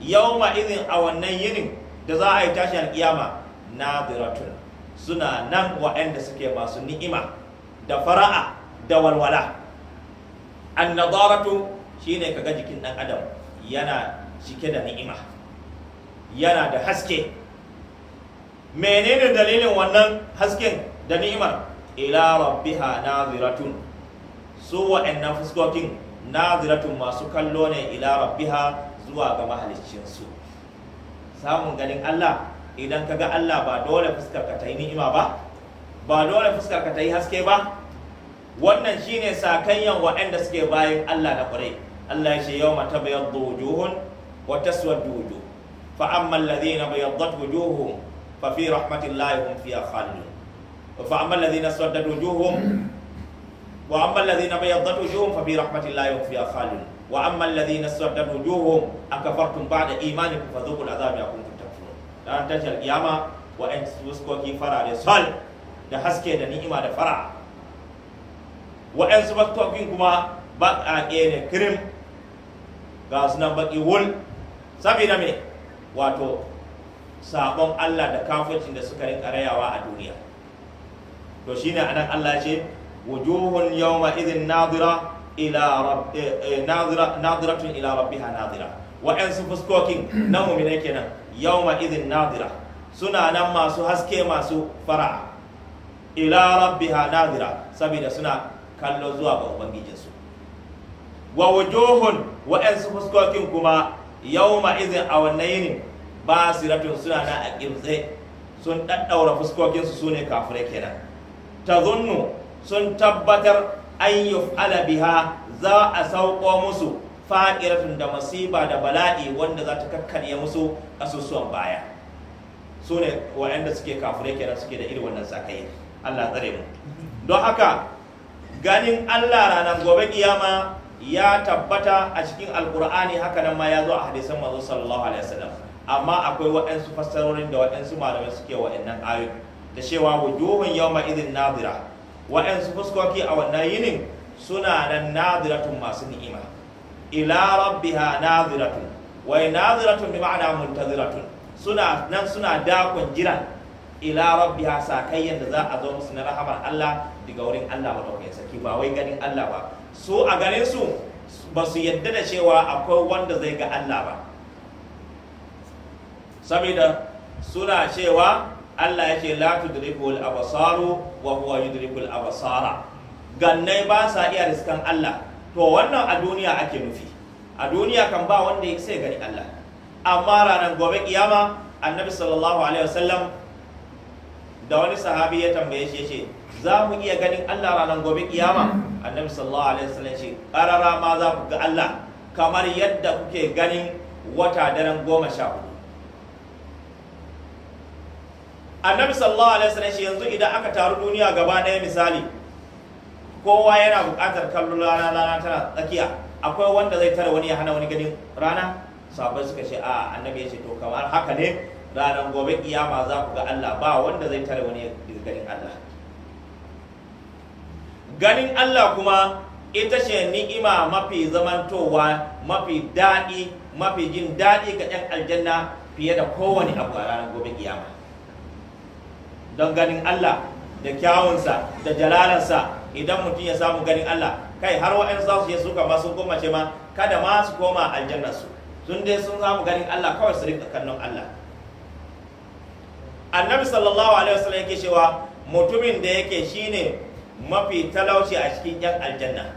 yawma idin a wannan yinin da za a yi tashi na nadiratun suna nan wa'anda suke masu ni'ima da fara'a da walwala annadaratu shine kaga jikin dan adam yana cike da ni'ima yana da haske menene dalilin wannan hasken da ni'imar ila rabbiha naziratun su waɗannan fuskokin naziratun masu kallo ne ila rabbiha zuwa ga mahaliccinsu samun ganin Allah idan ka ga Allah ba dole fuskar ka ta yi ni'ima ba ba dole fuskar ka ta yi haske ba wannan shine sakanyan waɗanda suke bayan Allah na ƙwarai Allah ya ce yau mata bayan wujuhun wata taswaddu wujuh fa amma alladhina bayaddat wujuhum fa fi rahmatillahi hum fiha khalidun fa amma alladhina swaddat wujuhum wa amma alladhina bayaddat wujuhum fa fi rahmatillahi hum fiha khalidun wa amma alladhina saddat wujuhum akafartum ba'da imanikum fa dhuqul adhab ya kuntum takfurun dan tashal qiyama wa an suskoki farare sal da haske da ni'ima da fara wa an kuma ba ne kirim ga sunan baki wul sabida me wato sabon Allah da kafircin da suka rinka rayawa a duniya to shi ne anan Allah ce wujuhun yawma idhin nadira ila nadira nadiratun ila fuskokin na mu'mina kenan yawma idhin nadira suna nan masu haske masu fara'a ila rabbiha nadira saboda suna kallo zuwa ga ubangijinsu wa wujuhun wa'ansu fuskokin kuma yawma idhin a wannan yinin basiratun suna nan a kimtse sun daddaura fuskokinsu su ne kenan ta sun tabbatar an yuf'ala biha za a sauko musu fa'iratun da masiba da bala'i wanda za ta kakkarya musu sussuwan baya su ne waɗanda suke kafure kenan suke da irin wannan sakai Allah tsare mu don haka ganin Allah ranar gobe kiyama ya tabbata a cikin alkur'ani haka nan ma ya zo a hadisan mazu sallallahu alaihi wasallam amma akwai waɗansu fassarorin da waɗansu malamai suke waɗannan ayoyi da cewa wujuhun yawma idin nadira wa'ansu fuskoki a wannan yinin suna nan naziratun masu ni'ima ila rabbiha naziratun. wai naziratun bi ma'ana muntaziratun suna nan suna dakon jiran ila rabbiha sakayyan da za a zo musu na rahamar Allah daga wurin Allah madaukakin sarki ba wai ganin Allah ba su a ganin su ba su yadda da cewa akwai wanda zai ga Allah ba saboda suna cewa Allah ya ce la tudrikul absaru wa huwa yudrikul absara gannai ba sa iya riskan Allah to wannan a duniya ake nufi a duniya kan ba wanda ya sai gani Allah amma ranar gobe kiyama annabi sallallahu alaihi wasallam da wani sahabi ya tambaye shi yace za mu iya ganin Allah ranar gobe kiyama annabi sallallahu alaihi wasallam ce karara ma za ku ga Allah kamar yadda kuke ganin wata daren goma sha hudu annabi sallallahu alaihi wasallam shi yanzu idan aka taru duniya gaba ɗaya misali kowa yana buƙatar kallon rana rana tana tsakiya akwai wanda zai tara wani ya hana wani ganin rana sahabbai suka ce a annabi ya ce to kamar haka ne ranar gobe kiyama za ku ga Allah ba wanda zai tare wani daga ganin Allah ganin Allah kuma ita ce ni'ima mafi zamantowa mafi daɗi mafi jin daɗi ga ɗan aljanna fiye da kowane abu a ranar gobe kiyama don ganin Allah da kyawunsa da jalalarsa idan mutum ya samu ganin Allah kai har wa'in za su yi suka ma sun koma ce ma kada ma su koma aljannarsu su sun dai sun samu ganin Allah kawai su rika kallon Allah annabi sallallahu alaihi wasallam yake cewa mutumin da yake shine mafi talauci a cikin yan aljanna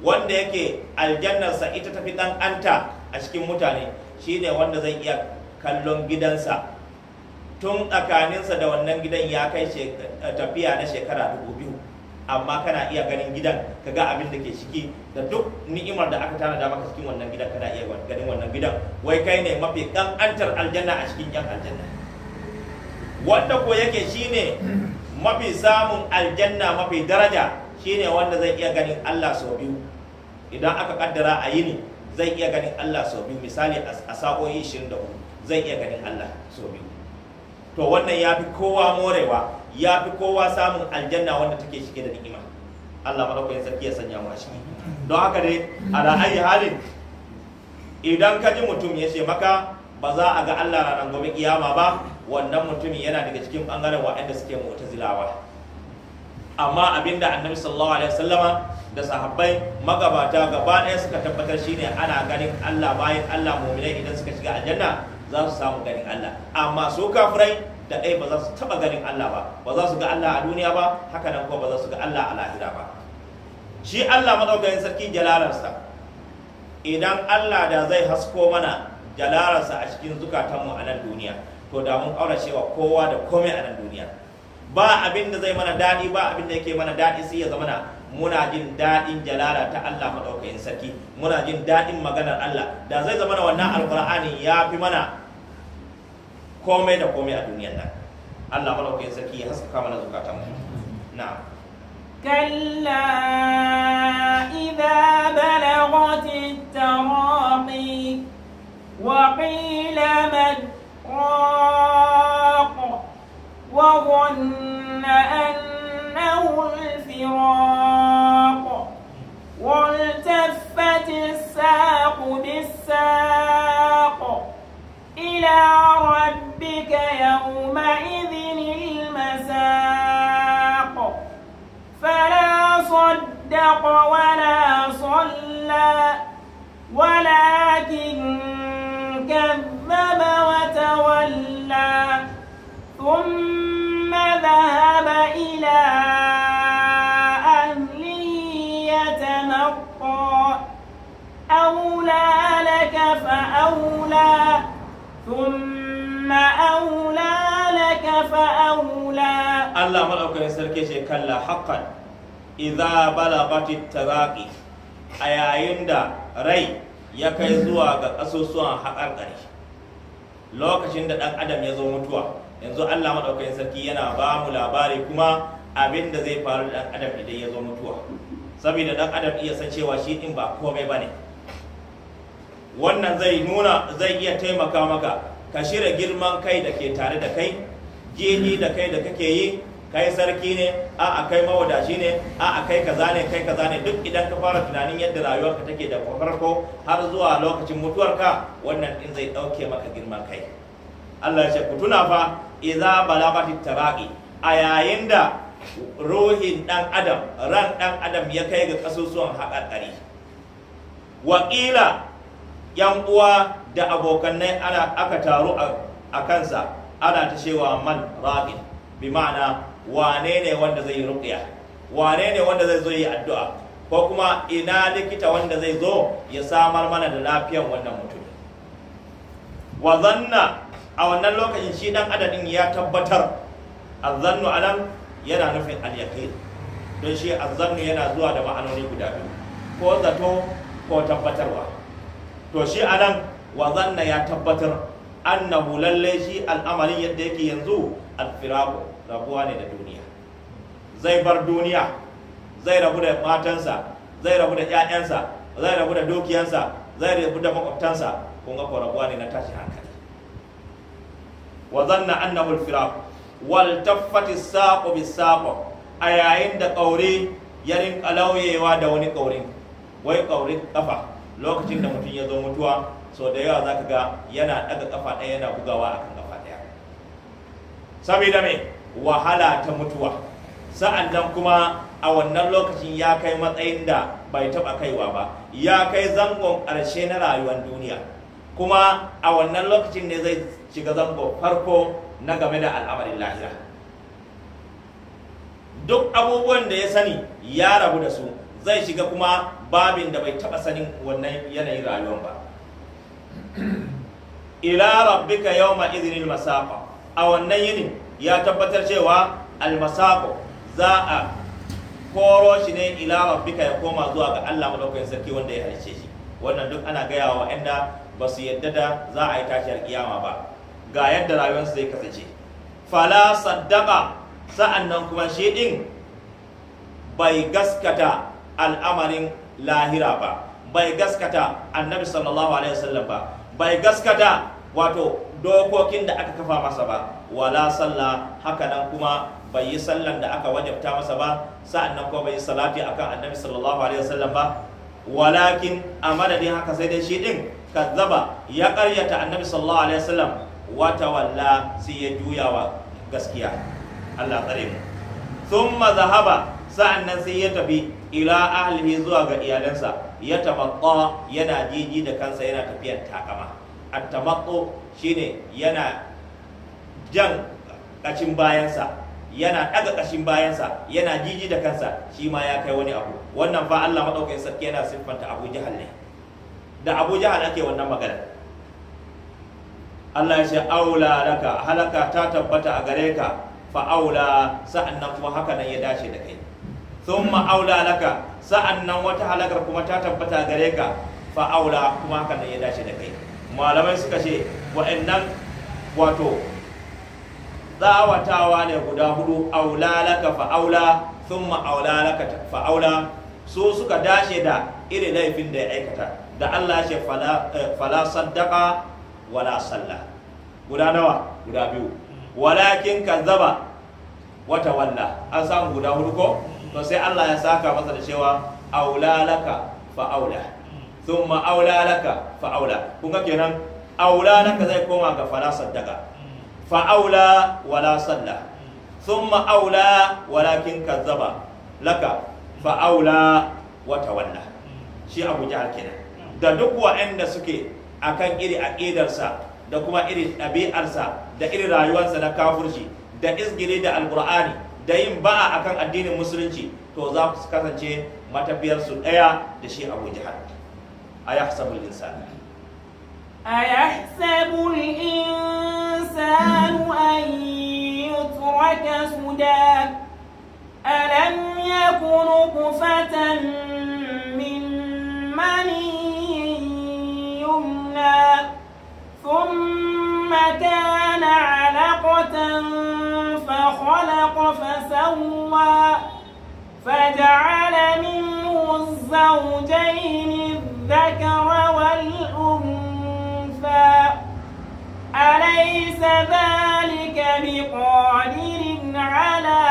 wanda yake aljannarsa ita tafi dan anta a cikin mutane shine wanda zai iya kallon gidansa tun tsakaninsa da wannan gidan ya kai eh, tafiya na shekara dubu biyu amma kana iya ganin gidan ka ga abin da ke ciki da duk ni'imar da aka tanada maka cikin wannan gidan kana iya ganin wannan gidan wai kai ne mafi ƙanƙantar aljanna a cikin yan aljanna wanda ko yake shine mafi samun aljanna mafi daraja shine wanda zai iya ganin Allah sau biyu idan aka kaddara a yini zai iya ganin Allah sau biyu misali a sa'o'i 24 zai iya ganin Allah sau biyu to wannan ya fi kowa morewa ya fi kowa samun aljanna wanda take shige da ni'ima Allah madaukakin sarki ya sanya mu a shi don haka dai a ayi halin idan ka ji mutum ya ce maka ba za a ga Allah nan gobe kiyama ba wannan mutumin yana daga cikin bangaren waɗanda suke mu'tazilawa amma abinda annabi sallallahu alaihi wasallama da sahabbai magabata gaba ɗaya suka tabbatar shine ana ganin Allah bayan Allah mu'minai idan suka shiga aljanna za su samu ganin Allah amma su kafirai da ɗaya ba za su taɓa ganin Allah ba ba za su ga Allah a duniya ba haka nan kuma ba za su ga Allah a lahira ba shi Allah madaukakin sarki jalalarsa idan Allah da zai hasko mana jalalarsa a cikin zukatanmu a nan duniya to da mun ƙaura cewa kowa da komai a nan duniya ba abin da zai mana daɗi ba abin da yake mana daɗi sai ya zamana muna jin daɗin jalala ta Allah madaukakin sarki muna jin daɗin maganar Allah da zai zamana wannan alƙur'ani ya fi mana komai da komai a duniyar nan Allah malaukakin sarki ya haskaka mana zukatan mu na'am كلا إذا بلغت التراقي وقيل من راق وظن أنه الفراق والتفت الساق بالساق ثم أولى لك فأولى الله ملأك يسرك شيء كلا حقا إذا بلغت التراقي أيين دا ري يكي زوا أسوسوا حقر قري lokacin da ɗan adam ya zo mutuwa yanzu Allah maɗaukakin sarki yana ba mu labari kuma abin da zai faru da ɗan adam idan ya zo mutuwa saboda ɗan adam iya san cewa shi ɗin ba komai ba ne wannan zai nuna zai iya taimaka maka ka shirya girman kai da ke tare da kai gini da kai da kake yi kai sarki ne a a kai mawadashi ne a a kai kaza ne kai kaza ne duk idan ka fara tunanin yadda rayuwarka take da farko har zuwa lokacin mutuwarka wannan din zai dauke maka girman kai Allah ya ce ku tuna fa idza balagati taraqi a yayin da ruhin ɗan adam ran ɗan adam ya kai ga kasusuwan haƙarƙari waƙila yan uwa da abokannai ana aka taru a kansa ana ta cewa man rabin bi ma'ana wane ne wanda zai yi ruqya wane ne wanda zai zo yi addu'a ko kuma ina likita wanda zai zo ya samar mana da lafiyar wannan mutum wa zanna a wannan lokacin shi dan adadin ya tabbatar azannu anan yana nufin al-yaqin don shi azannu yana zuwa da ma'anoni guda biyu ko zato ko tabbatarwa to shi anan wa zanna ya tabbatar annahu lallai shi al'amarin yadda yake yanzu alfiraku rabuwa ne da duniya zai bar duniya zai rabu da matansa zai rabu da 'ya'yansa zai rabu da dukiyansa zai rabu da makwabtansa kun ga rabuwa ne na tashi hankali wa zanna annahu alfiraq wal taffati saqu bi saqu a yayin da kaure ya rinka lauyewa da wani kaure wai kaure kafa lokacin da mutum ya zo mutuwa sau da yawa za ka ga yana daga kafa ɗaya yana bugawa a kan kafa ɗaya saboda me wahala ta mutuwa sa'an nan kuma a wannan lokacin ya kai matsayin da bai taɓa kaiwa ba ya kai zangon ƙarshe na rayuwar duniya kuma a wannan lokacin ne zai shiga zangon farko na game da al'amarin lahira duk abubuwan da ya sani ya rabu da su zai shiga kuma babin da bai taba sanin wannan yanayin rayuwar ba ila rabbika yawma idhinil masafa a wannan yinin ya tabbatar cewa almasako za a koro shi ne ila rabbika ya koma zuwa ga Allah madaukakin sarki wanda ya halice shi wannan duk ana gaya wa da ba su yadda da za a yi tashiyar kiyama ba ga yadda rayuwarsu zai kasance fala saddaqa sa'annan kuma shi din bai gaskata al'amarin lahira ba bai gaskata annabi sallallahu alaihi wasallam ba bai gaskata wato dokokin da aka kafa masa ba wala sallah haka nan kuma bai yi sallan da aka wajabta masa ba sa'annan kuma bai yi salati akan annabi sallallahu alaihi wasallam ba walakin a madadin haka sai dai shi din kazzaba ya karyata annabi sallallahu alaihi wasallam wata walla sai ya juyawa gaskiya Allah tsare mu thumma zahaba sa'annan sai ya tafi ila ahlihi zuwa ga iyalansa ya tamakko yana jiji da kansa yana tafiyar takama at-tamattu shine yana jan kashin bayansa yana ɗaga ƙashin bayansa yana jiji da kansa shi ma ya kai wani abu wannan fa Allah maɗaukakin sarki yana siffanta Abu jihar ne da Abu jihar ake wannan magana Allah ya ce aula laka halaka ta tabbata a gare ka fa aula sa'annan kuma haka nan ya dace da kai Sun aula laka sa'annan wata halakar kuma ta tabbata gare ka fa'aula aula kuma hakan ya dace da kai malamai suka ce wa'annan wato tsawatawa ne guda hudu aula laka fa aula thumma aula laka fa aula su suka dace da irin laifin da ya aikata da Allah ya ce fala eh, saddaqa wala sallah guda nawa guda biyu walakin zaba wata walla an samu guda hudu ko to sai Allah ya saka masa da cewa aula laka fa aula thumma aula laka fa aula kun ga kenan aula naka zai koma ga fala saddaka fa aula wala salla thumma aula walakin kazzaba laka fa aula wa tawalla shi Abu Jahal kenan da duk wa'anda suke akan iri aqidarsa da kuma iri ɗabi'arsa da iri rayuwarsa na kafurci da izgiri da alkur'ani da yin ba'a akan addinin musulunci to za ku kasance matafiyar su ɗaya da shi abu jihar ayahsabul insani ayahsabul insanu an yutraka suda alam yakunu kufatan min mani yumna thumma ثم كان علقة فخلق فسوى فجعل منه الزوجين الذكر والأنثى أليس ذلك بقادر على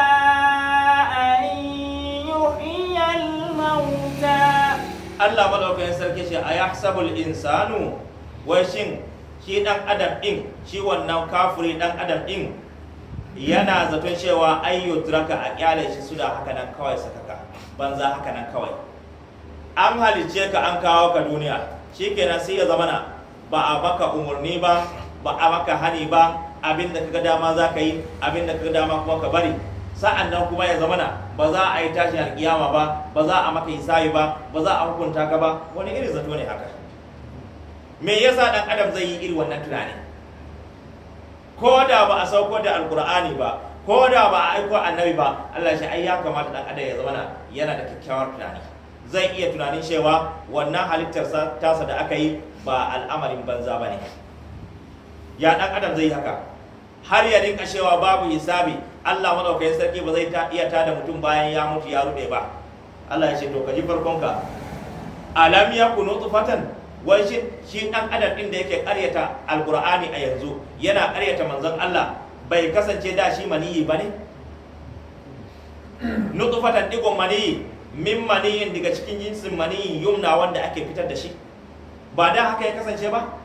أن يحيي الموتى الله ملوك يسألك أيحسب الإنسان وشن shi ɗan adam ɗin, shi wannan kafiri dan adam din yana zaton cewa ayyo a kyale shi suna haka nan kawai sakaka banza haka nan kawai an halicce ka an kawo ka duniya shikenan sai ya zamana ba a maka umarni ba ba a maka hani ba abin da kaga dama za ka yi abin da kaga dama kuma ka bari sa'an nan kuma ya zamana ba za a yi tashin alkiyama ba ba za a maka hisabi ba ba za a hukunta ka ba wani irin zato ne haka me yasa dan adam zai yi iri wannan tunani ko da ba a sauko da alkur'ani ba ko da ba a aiko annabi ba Allah shi ai ya kamata dan adam ya zama yana da kyakkyawar tunani zai iya tunanin cewa wannan halittar tasa da aka yi ba al'amarin banza bane ya dan adam zai haka har ya rinka cewa babu hisabi Allah madaukakin sarki ba zai iya tada mutum bayan ya mutu ya rube ba Allah ya ce to ka ji ka alam yakunu tufatan wai shi shi dan adam din da yake karyata alqur'ani a yanzu yana karyata manzon Allah bai kasance da shi maniyi bane nutfatan ɗigon maniyi min maniyin daga cikin jinsin maniyin yumna wanda ake fitar da shi ba da haka ya kasance ba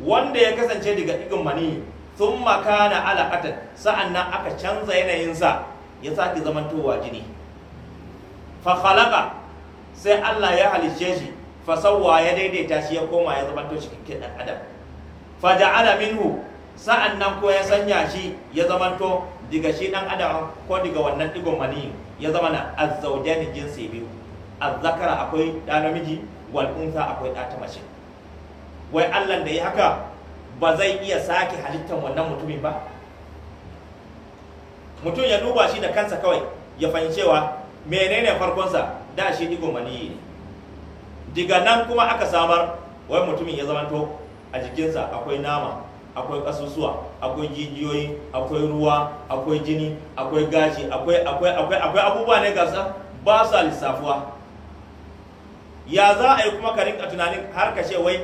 wanda ya kasance daga digon maniyi sun makana alaƙatan sa'an nan aka canza yanayinsa ya sake zamantowa jini fa sai Allah ya halicce shi fasawwa ya daidaita shi ya koma ya zama to cikakken dan adam fa ja'ala minhu sa'an nan ko ya sanya shi ya zama to diga shi dan adam ko diga wannan digon mani ya zama na azzawjani jinsi biyu azzakara akwai da namiji wal unsa akwai da ta mace wai Allah da ya haka ba zai iya sake halittar wannan mutumin ba mutum ya duba shi da kansa kawai ya fahimcewa menene farkonsa da shi digon mani ne Diga nan kuma aka samar wai mutumin ya zamanto a jikinsa akwai nama akwai ƙasusuwa akwai jijiyoyi akwai ruwa akwai jini akwai gashi akwai akwai akwai akwai abubuwa ne gasa ba sa lissafuwa ya za a yi kuma ka rinka tunanin har ka ce wai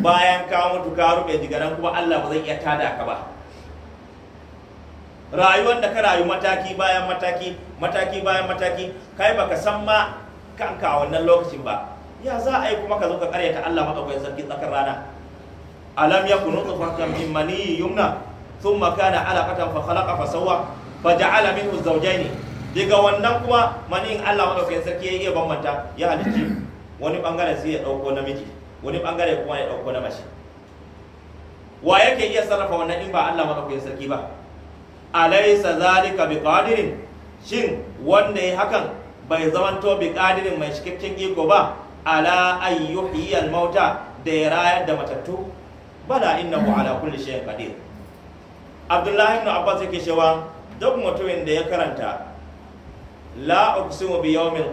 bayan ka mutu ka rufe diga nan kuma Allah ba zai iya tada ka ba rayuwar da ka rayu mataki bayan mataki mataki bayan mataki kai baka san ma kanka wannan lokacin ba ya za a yi kuma ka zo ka karyata Allah koyon sarki tsakar rana alam yakunu nutfatan min mani yumna thumma kana alaqatan fa khalaqa fa sawwa fa ja'ala minhu zawjayn daga wannan kuma manin Allah koyon sarki ya iya bambanta ya halicci wani bangare sai ya dauko namiji wani bangare kuma ya dauko na mace wa yake iya sarrafa wannan in ba Allah koyon sarki ba alaysa zalika biqadirin shin wanda ya hakan bai zamanto biqadirin mai cikakken iko ba ala an yuhyi al mauta da ya rayar da matattu bala innahu ala kulli shay'in qadir abdullahi ibn abbas yake cewa duk mutumin da ya karanta la uqsimu bi yawmil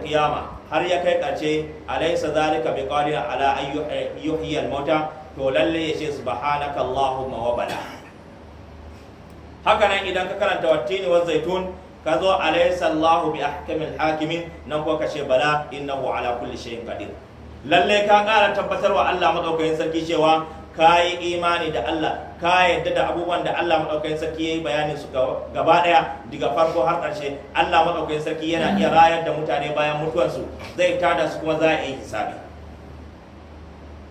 har ya kai kace alaysa zalika bi qadir ala an eh, yuhyi al mauta to lalle yace subhanaka allahumma wa bala haka nan idan ka karanta wattini wa zaitun ka zo alaysa Allahu bi ahkamil hakimin nan ko kashe bala innahu ala kulli shay'in qadir lalle ka ƙara wa Allah madaukakin sarki cewa ka yi imani da Allah ka yadda da abubuwan da Allah madaukakin sarki yayi bayanin su gaba daya daga farko har ƙarshe Allah madaukakin sarki yana iya rayar da mutane bayan mutuwarsu zai tada su kuma za a yi hisabi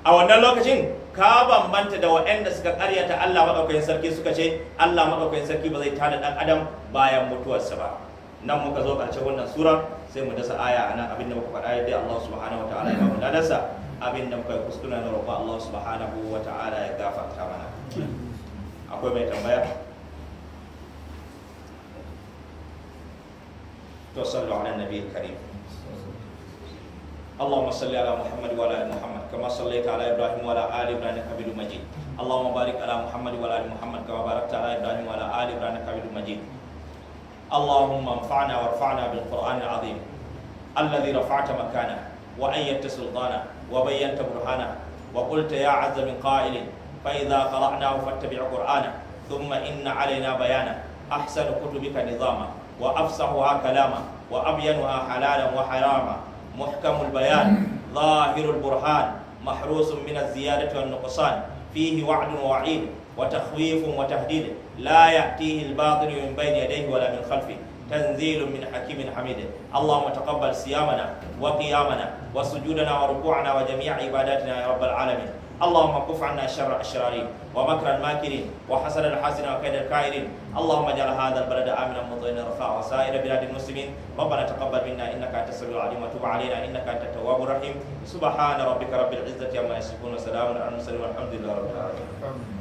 a wannan lokacin ka bambanta da waɗanda suka karyata Allah maɗaukakin sarki suka ce Allah maɗaukakin sarki ba zai tana ɗan adam bayan mutuwarsa ba nan muka zo ƙarshen wannan sura sai mu dasa aya a nan abinda muka faɗa yadda Allah subhanahu wa ta'ala ya mu ladarsa abinda muka yi kuskuna na roƙo Allah subhanahu wa ta'ala ya gafarta mana akwai mai tambaya to sallu ala nabiyil karim اللهم صل على محمد وعلى ال محمد كما صليت على ابراهيم وعلى ال ابراهيم انك حميد مجيد اللهم بارك على محمد وعلى ال محمد كما باركت على ابراهيم وعلى ال ابراهيم انك حميد مجيد اللهم انفعنا وارفعنا بالقران العظيم الذي رفعت مكانه وايدت سلطانه وبينت برهانه وقلت يا عز من قائل فاذا قراناه فاتبع قرانه ثم ان علينا بيانه احسن كتبك نظاما وافصحها كلاما وابينها حلالا وحراما محكم البيان ظاهر البرهان محروس من الزيادة والنقصان فيه وعد ووعيد وتخويف وتهديد لا يأتيه الباطل من بين يديه ولا من خلفه تنزيل من حكيم حميد اللهم تقبل صيامنا وقيامنا وسجودنا وركوعنا وجميع عباداتنا يا رب العالمين اللهم كف عنا شر الاشرارين ومكر الماكرين وحسد الحاسد وكيد الكائرين اللهم اجعل هذا البلد امنا مطمئنا رفاعا وسائر بلاد المسلمين ربنا تقبل منا انك انت السميع العليم وتب علينا انك انت التواب الرحيم سبحان ربك رب العزه عما يصفون وسلام على المرسلين والحمد لله رب العالمين